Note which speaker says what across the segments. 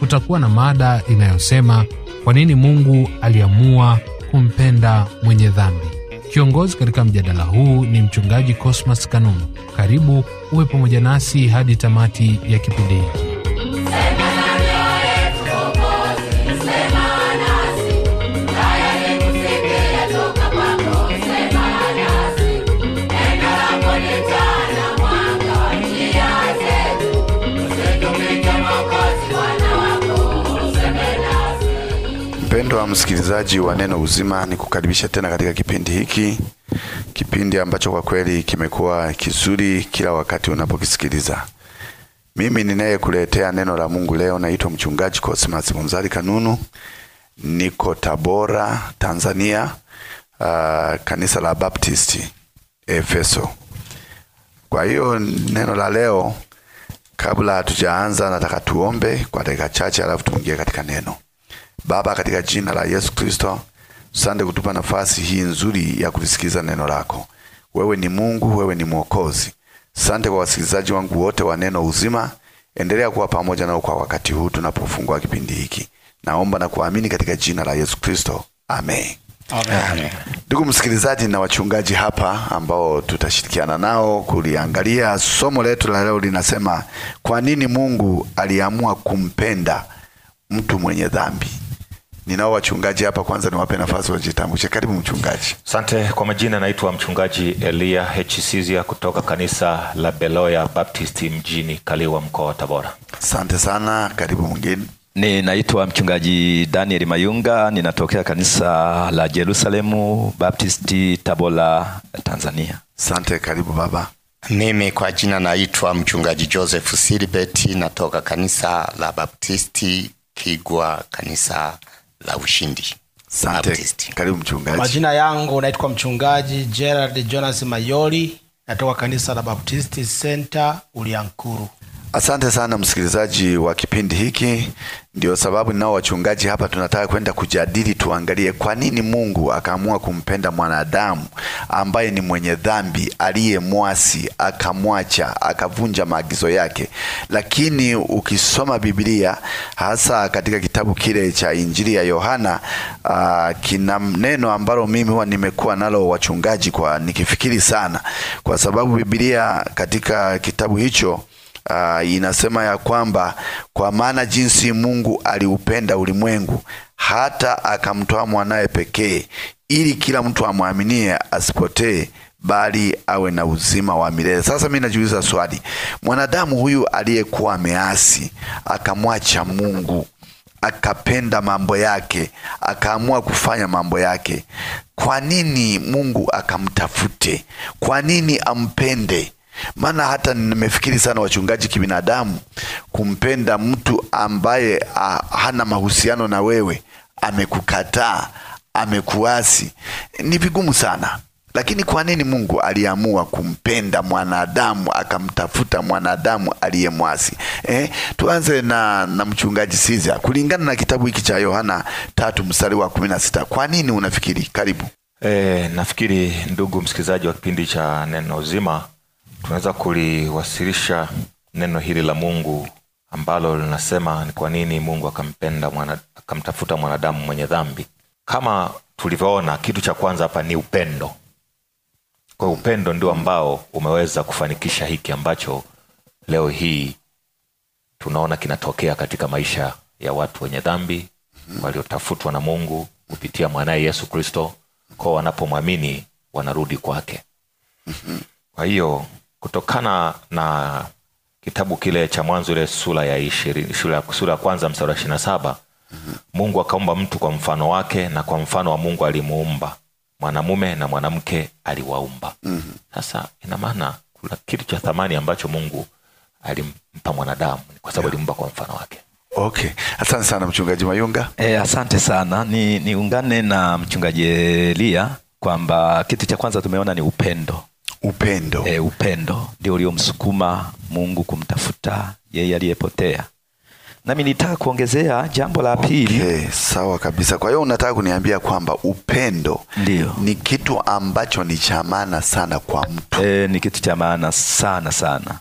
Speaker 1: kutakuwa na mada inayosema kwa nini Mungu aliamua kumpenda mwenye dhambi. Kiongozi katika mjadala huu ni Mchungaji Cosmas Kanum. Karibu uwe pamoja nasi hadi tamati ya kipindi hiki.
Speaker 2: Mpendwa msikilizaji wa Neno Uzima, ni kukaribisha tena katika kipindi hiki, kipindi ambacho kwa kweli kimekuwa kizuri kila wakati unapokisikiliza. Mimi ninayekuletea neno la Mungu leo naitwa Mchungaji Cosmas Munzali Kanunu, niko Tabora, Tanzania, uh, kanisa la Baptisti Efeso. Kwa hiyo neno la leo, kabla hatujaanza, nataka tuombe kwa dakika chache, alafu tuingie katika neno. Baba, katika jina la Yesu Kristo, sande kutupa nafasi hii nzuri ya kulisikiliza neno lako. Wewe ni Mungu, wewe ni Mwokozi. Sante kwa wasikilizaji wangu wote wa neno uzima. Endelea kuwa pamoja nao kwa wakati huu tunapofungua kipindi hiki. Naomba na kuamini katika jina la Yesu Kristo, amen. Ndugu msikilizaji na wachungaji hapa ambao tutashirikiana nao kuliangalia somo letu la leo, linasema kwa nini Mungu aliamua kumpenda mtu mwenye dhambi. Ninao wachungaji hapa, kwanza niwape nafasi wajitambulishe. Karibu mchungaji.
Speaker 3: Asante kwa majina, naitwa mchungaji Elia Hcizia kutoka kanisa la Beloya Baptisti mjini Kaliwa, mkoa wa Tabora.
Speaker 2: Asante sana,
Speaker 3: karibu mwingine. Ni
Speaker 4: naitwa mchungaji Daniel Mayunga, ninatokea kanisa la Jerusalemu
Speaker 5: Baptisti Tabora, Tanzania. Asante, karibu baba. Mimi kwa jina naitwa mchungaji Joseph Silibeti, natoka kanisa la Baptisti Kigwa, kanisa la ushindi. Asante. Karibu mchungaji. Majina
Speaker 6: yangu naitwa mchungaji gerard Jonas Mayoli, natoka kanisa la Baptisti Center Uliankuru.
Speaker 2: Asante sana msikilizaji wa kipindi hiki. Ndio sababu ninao wachungaji hapa, tunataka kwenda kujadili, tuangalie kwa nini Mungu akaamua kumpenda mwanadamu ambaye ni mwenye dhambi aliyemwasi akamwacha akavunja maagizo yake. Lakini ukisoma Biblia hasa katika kitabu kile cha Injili ya Yohana uh, kina neno ambalo mimi huwa nimekuwa nalo wachungaji, kwa nikifikiri sana, kwa sababu Biblia katika kitabu hicho uh, inasema ya kwamba kwa maana jinsi Mungu aliupenda ulimwengu hata akamtoa mwanaye pekee, ili kila mtu amwaminie asipotee, bali awe na uzima wa milele. Sasa mimi najiuliza swali, mwanadamu huyu aliyekuwa ameasi akamwacha Mungu akapenda mambo yake akaamua kufanya mambo yake, kwa nini Mungu akamtafute? Kwa nini ampende? Maana hata nimefikiri sana wachungaji kibinadamu, kumpenda mtu ambaye hana mahusiano na wewe, amekukataa, amekuasi, ni vigumu sana. Lakini kwa nini Mungu aliamua kumpenda mwanadamu akamtafuta mwanadamu aliyemwasi? Eh, tuanze na, na mchungaji Siza kulingana na kitabu hiki cha Yohana tatu mstari wa kumi na sita. Kwa nini unafikiri? Karibu.
Speaker 3: Eh, nafikiri ndugu msikilizaji wa kipindi cha Neno Uzima, tunaweza kuliwasilisha neno hili la Mungu ambalo linasema ni kwa nini Mungu akampenda mwana, akamtafuta mwanadamu mwenye dhambi. Kama tulivyoona, kitu cha kwanza hapa ni upendo. Kwa upendo ndio ambao umeweza kufanikisha hiki ambacho leo hii tunaona kinatokea katika maisha ya watu wenye dhambi waliotafutwa na Mungu kupitia mwanaye Yesu Kristo, kwao wanapomwamini wanarudi kwake. Kwa hiyo kutokana na kitabu kile cha Mwanzo ile sura ya ishirini, sura ya kwanza mstari wa ishirini na saba Mungu akaumba mtu kwa mfano wake na kwa mfano wa Mungu alimuumba, mwanamume na mwanamke aliwaumba. mm -hmm. Sasa ina maana kuna kitu cha thamani ambacho Mungu alimpa mwanadamu kwa sababu alimuumba yeah. kwa mfano wake. Okay, asante sana mchungaji Mayunga.
Speaker 4: E, asante sana ni niungane na mchungaji Elia kwamba kitu cha kwanza tumeona ni upendo upendo. E, upendo ndio uliomsukuma Mungu kumtafuta yeye aliyepotea. Nami nitaka kuongezea
Speaker 2: jambo la pili. Okay, sawa kabisa. Kwa hiyo unataka kuniambia kwamba upendo ndio ni kitu ambacho ni cha maana sana kwa mtu. E, ni kitu cha maana sana sana.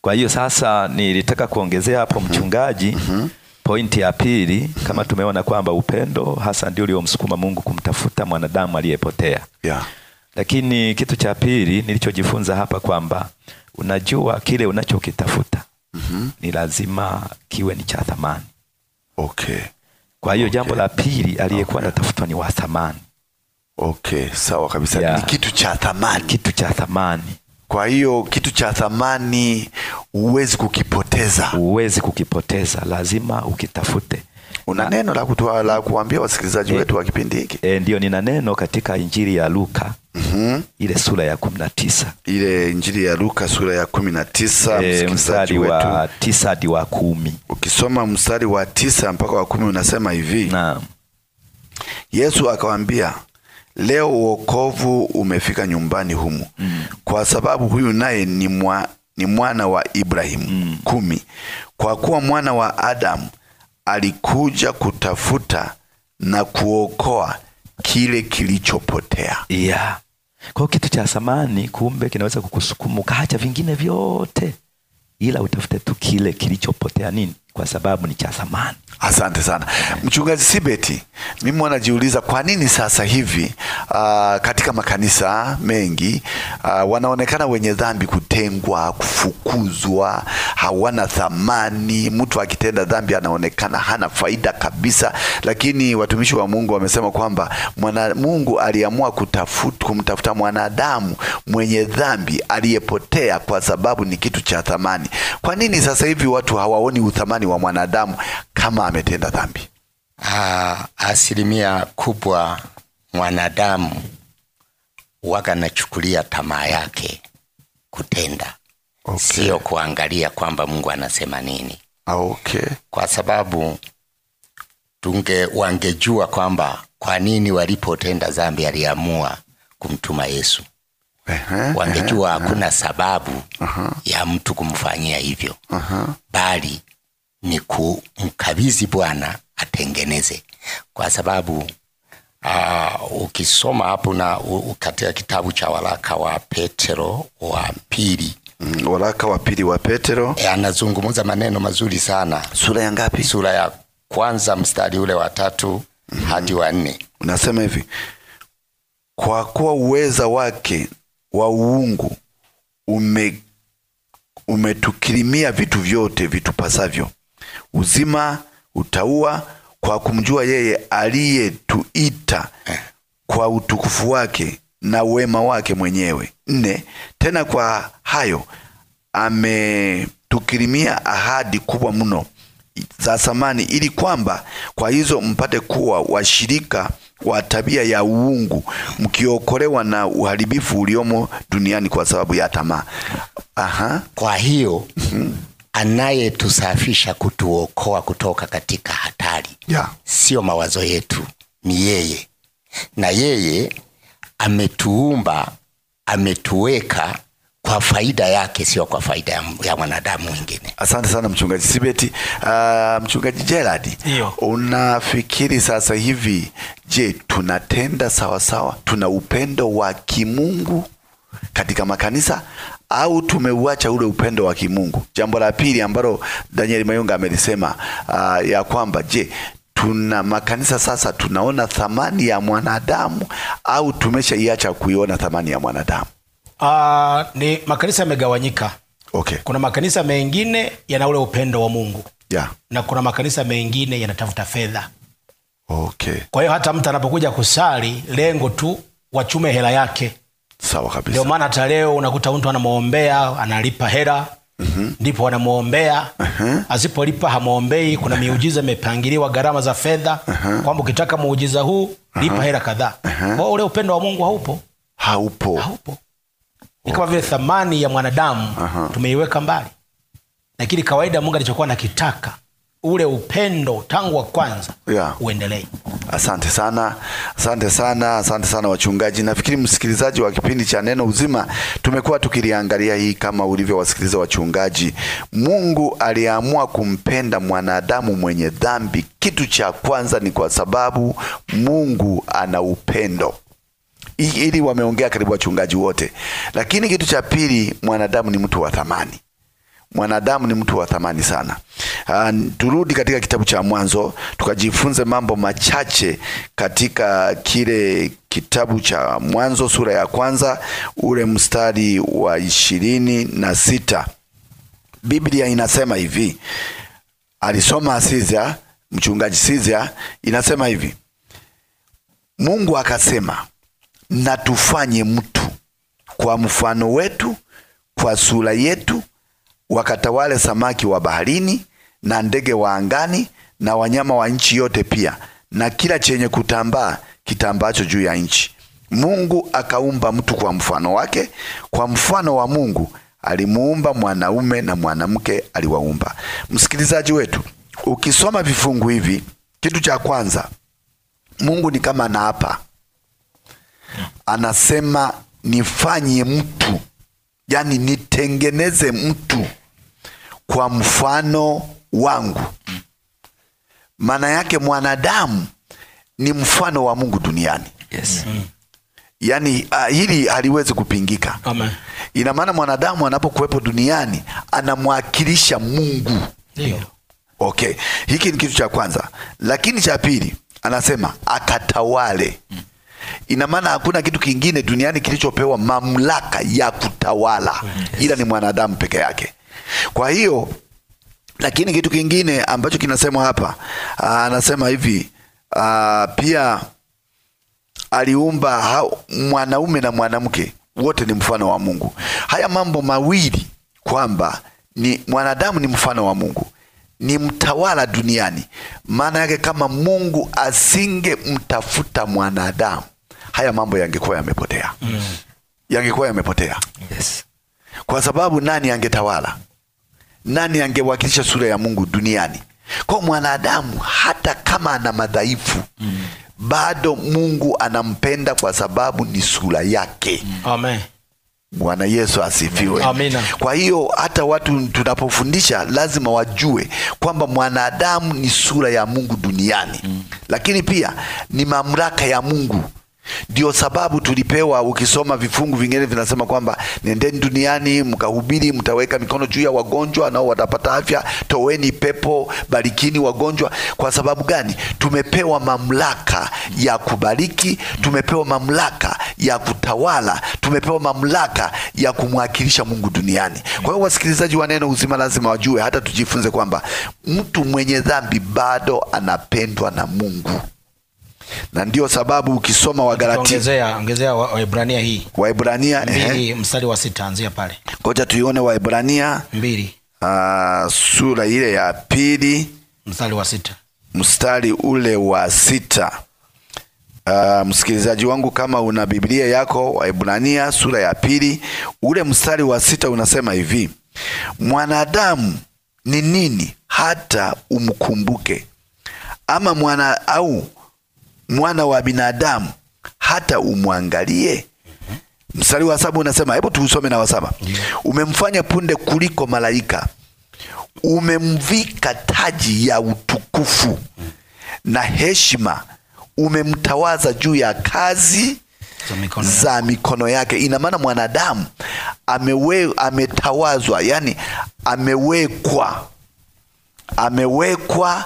Speaker 4: Kwa hiyo sasa nilitaka kuongezea hapo mhm. mchungaji, mm -hmm. Pointi ya pili kama tumeona kwamba upendo hasa ndio uliomsukuma Mungu kumtafuta mwanadamu aliyepotea. Yeah. Lakini kitu cha pili nilichojifunza hapa kwamba unajua kile unachokitafuta mm -hmm. ni lazima kiwe ni cha thamani. Okay. Kwa hiyo okay. jambo la pili aliyekuwa anatafutwa okay. ni wa thamani. Okay, sawa kabisa yeah. ni kitu cha thamani, kitu cha thamani. Kwa hiyo kitu cha thamani huwezi kukipoteza, huwezi kukipoteza, lazima ukitafute una na, neno la kutoa la kuambia wasikilizaji e, wetu wa kipindi hiki e, ndio nina neno katika Injili ya Luka mm -hmm. ile sura ya kumi na tisa ile Injili ya Luka sura ya kumi na tisa e, mstari wa tisa hadi wa kumi ukisoma mstari wa tisa
Speaker 2: mpaka wa kumi unasema hivi na. Yesu akawambia leo uokovu umefika nyumbani humu mm. kwa sababu huyu naye ni, mwa, ni mwana wa Ibrahimu mm. kumi kwa kuwa mwana wa Adamu alikuja kutafuta na kuokoa kile kilichopotea. Yeah.
Speaker 4: Kwa kitu cha samani kumbe kinaweza kukusukuma ukaacha vingine
Speaker 2: vyote, ila utafute tu kile kilichopotea. Nini? Kwa sababu ni cha samani Asante sana Mchungaji Sibeti, mimi wanajiuliza kwa nini sasa hivi uh, katika makanisa mengi uh, wanaonekana wenye dhambi, kutengwa, kufukuzwa, hawana thamani. Mtu akitenda dhambi anaonekana hana faida kabisa, lakini watumishi wa Mungu wamesema kwamba mwana Mungu aliamua kutafuta kumtafuta mwanadamu mwenye dhambi aliyepotea, kwa sababu ni kitu cha thamani. Kwa nini sasa hivi watu hawaoni uthamani wa mwanadamu kama ametenda
Speaker 5: dhambi? Ah, asilimia kubwa mwanadamu waga nachukulia tamaa yake kutenda okay. Sio kuangalia kwamba Mungu anasema nini ah, okay. Kwa sababu tunge wangejua kwamba kwa nini walipotenda dhambi aliamua kumtuma Yesu wangejua hakuna sababu uh-huh. ya mtu kumfanyia hivyo uh-huh. bali ni kumkabidhi Bwana atengeneze, kwa sababu uh, ukisoma hapo na katika kitabu cha waraka wa Petero wa pili mm, waraka wa pili wa Petero e, anazungumza maneno mazuri sana. Sura ya ngapi? Sura ya kwanza mstari ule wa tatu mm -hmm. hadi wa nne. Unasema hivi:
Speaker 2: kwa kuwa uweza wake wa uungu ume umetukirimia vitu vyote vitupasavyo uzima, utaua, kwa kumjua yeye aliyetuita eh. kwa utukufu wake na wema wake mwenyewe. Nne, tena kwa hayo ametukirimia ahadi kubwa mno za samani, ili kwamba kwa hizo mpate kuwa washirika wa tabia ya uungu, mkiokolewa na uharibifu uliomo duniani kwa sababu ya tamaa. Aha,
Speaker 5: kwa hiyo mhm anayetusafisha kutuokoa kutoka katika hatari yeah. Sio mawazo yetu, ni yeye, na yeye ametuumba, ametuweka kwa faida yake, sio kwa faida ya, mwanadamu mwingine. Asante sana mchungaji Sibeti. Uh, mchungaji Gerard,
Speaker 2: unafikiri sasa hivi, je, tunatenda sawasawa? Tuna upendo wa kimungu katika makanisa au tumeuacha ule upendo wa kimungu? Jambo la pili ambalo Daniel Mayunga amelisema uh, ya kwamba je, tuna makanisa sasa tunaona thamani ya mwanadamu au tumeshaiacha kuiona thamani ya mwanadamu?
Speaker 6: Uh, ni makanisa yamegawanyika. Okay. Kuna makanisa mengine yana ule upendo wa Mungu yeah. Na kuna makanisa mengine yanatafuta fedha. Okay. Kwa hiyo hata mtu anapokuja kusali lengo tu wachume hela yake sawa kabisa. Ndio maana hata leo unakuta mtu anamwombea analipa hela mhm. ndipo wanamwombea mhm. asipolipa hamwombei. Kuna miujiza imepangiliwa gharama za fedha mhm. kwamba ukitaka muujiza huu lipa hela kadhaa. Kwa ule upendo wa Mungu haupo, haupo, haupo. Ni kama vile thamani ya mwanadamu tumeiweka mbali, lakini kawaida Mungu alichokuwa nakitaka ule upendo tangu wa kwanza yeah, uendelee.
Speaker 2: Asante sana, asante sana, asante sana wachungaji. Nafikiri msikilizaji wa kipindi cha Neno Uzima, tumekuwa tukiliangalia hii kama ulivyowasikiliza wachungaji. Mungu aliamua kumpenda mwanadamu mwenye dhambi. Kitu cha kwanza ni kwa sababu Mungu ana upendo ili wameongea karibu wachungaji wote, lakini kitu cha pili, mwanadamu ni mtu wa thamani mwanadamu ni mtu wa thamani sana. Uh, turudi katika kitabu cha Mwanzo tukajifunze mambo machache katika kile kitabu cha Mwanzo sura ya kwanza ule mstari wa ishirini na sita. Biblia inasema hivi, alisoma Sizia, mchungaji Sizia, inasema hivi, Mungu akasema, na tufanye mtu kwa mfano wetu, kwa sura yetu wakatawale samaki wa baharini na ndege wa angani na wanyama wa nchi yote pia na kila chenye kutambaa kitambacho juu ya nchi. Mungu akaumba mtu kwa mfano wake, kwa mfano wa Mungu alimuumba, mwanaume na mwanamke aliwaumba. Msikilizaji wetu, ukisoma vifungu hivi, kitu cha kwanza, Mungu ni kama anaapa, anasema nifanye mtu yani nitengeneze mtu kwa mfano wangu. Maana yake mwanadamu ni mfano wa Mungu duniani yes. Mm-hmm. Yani uh, hili haliwezi kupingika. Ina maana mwanadamu anapokuwepo duniani anamwakilisha Mungu Ndiyo. Okay, hiki ni kitu cha kwanza, lakini cha pili anasema akatawale Ina maana hakuna kitu kingine duniani kilichopewa mamlaka ya kutawala ila ni mwanadamu peke yake. Kwa hiyo, lakini kitu kingine ambacho kinasemwa hapa, ah, anasema hivi aa, ah, pia aliumba mwanaume na mwanamke wote ni mfano wa Mungu. Haya mambo mawili kwamba ni mwanadamu ni mfano wa Mungu, ni mtawala duniani. Maana yake kama Mungu asinge mtafuta mwanadamu haya mambo yangekuwa yamepotea mm. yangekuwa yamepotea yes. Kwa sababu nani angetawala? Nani angewakilisha sura ya Mungu duniani? Kwa mwanadamu hata kama ana madhaifu mm. bado Mungu anampenda kwa sababu ni sura yake mm. Amen. Bwana Yesu asifiwe. Amina. Kwa hiyo hata watu tunapofundisha lazima wajue kwamba mwanadamu ni sura ya Mungu duniani mm. lakini pia ni mamlaka ya Mungu ndio sababu tulipewa, ukisoma vifungu vingine vinasema kwamba nendeni duniani mkahubiri, mtaweka mikono juu ya wagonjwa nao watapata afya, toweni pepo, barikini wagonjwa. Kwa sababu gani? Tumepewa mamlaka ya kubariki, tumepewa mamlaka ya kutawala, tumepewa mamlaka ya kumwakilisha Mungu duniani. Kwa hiyo wasikilizaji wa Neno Uzima lazima wajue, hata tujifunze kwamba mtu mwenye dhambi bado
Speaker 6: anapendwa na Mungu na ndio sababu ukisoma Wagalatia, ongezea Waebrania hii, Waebrania mbili mstari wa sita anzia pale. Ngoja tuione Waebrania
Speaker 2: mbili uh, sura ile ya pili mstari wa sita mstari ule wa sita. Uh, msikilizaji wangu kama una Biblia yako, Waebrania sura ya pili ule mstari wa sita unasema hivi, mwanadamu ni nini hata umkumbuke, ama mwana au mwana wa binadamu hata umwangalie? Mstari wa saba unasema, hebu tuusome na wasaba. Mm-hmm. Umemfanya punde kuliko malaika, umemvika taji ya utukufu na heshima, umemtawaza juu ya kazi za mikono, za mikono yake. Ina maana mwanadamu amewe, ametawazwa, yani amewekwa, amewekwa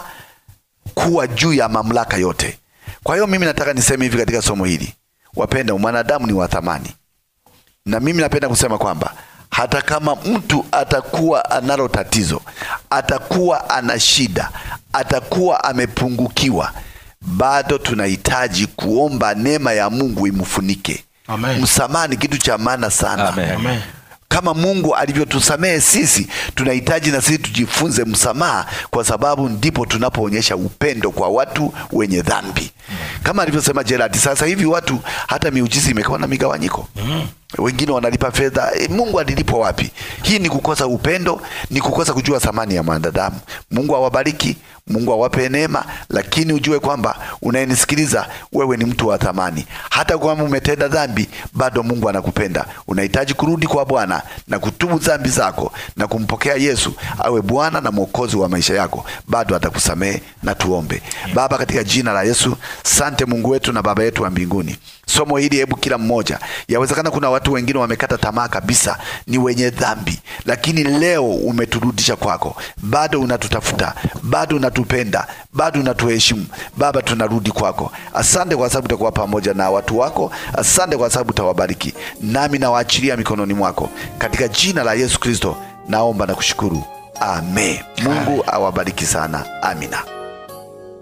Speaker 2: kuwa juu ya mamlaka yote kwa hiyo mimi nataka niseme hivi katika somo hili, wapenda, mwanadamu ni wa thamani, na mimi napenda kusema kwamba hata kama mtu atakuwa analo tatizo, atakuwa ana shida, atakuwa amepungukiwa, bado tunahitaji kuomba neema ya Mungu imfunike. Amen. Msamaha ni kitu cha maana sana. Amen. Amen. Kama Mungu alivyotusamehe sisi, tunahitaji na sisi tujifunze msamaha, kwa sababu ndipo tunapoonyesha upendo kwa watu wenye dhambi. Kama alivyosema Gerard, sasa hivi watu hata miujizi imekuwa na migawanyiko mm. Wengine wanalipa fedha e, Mungu alilipo wapi? Hii ni kukosa upendo, ni kukosa kujua thamani ya mwanadamu. Mungu awabariki Mungu awape neema, lakini ujue kwamba unayenisikiliza wewe ni mtu wa thamani. Hata kama umetenda dhambi, bado Mungu anakupenda. Unahitaji kurudi kwa Bwana na kutubu dhambi zako na kumpokea Yesu awe Bwana na Mwokozi wa maisha yako, bado atakusamehe. Na tuombe. Baba, katika jina la Yesu, sante Mungu wetu na Baba yetu wa mbinguni somo hili, hebu kila mmoja, yawezekana kuna watu wengine wamekata tamaa kabisa, ni wenye dhambi, lakini leo umeturudisha kwako, bado unatutafuta, bado unatupenda, bado unatuheshimu. Baba, tunarudi kwako. Asante kwa sababu utakuwa pamoja na watu wako. Asante kwa sababu utawabariki, nami nawaachilia mikononi mwako, katika jina la Yesu Kristo naomba na kushukuru, amen. Mungu awabariki sana, amina.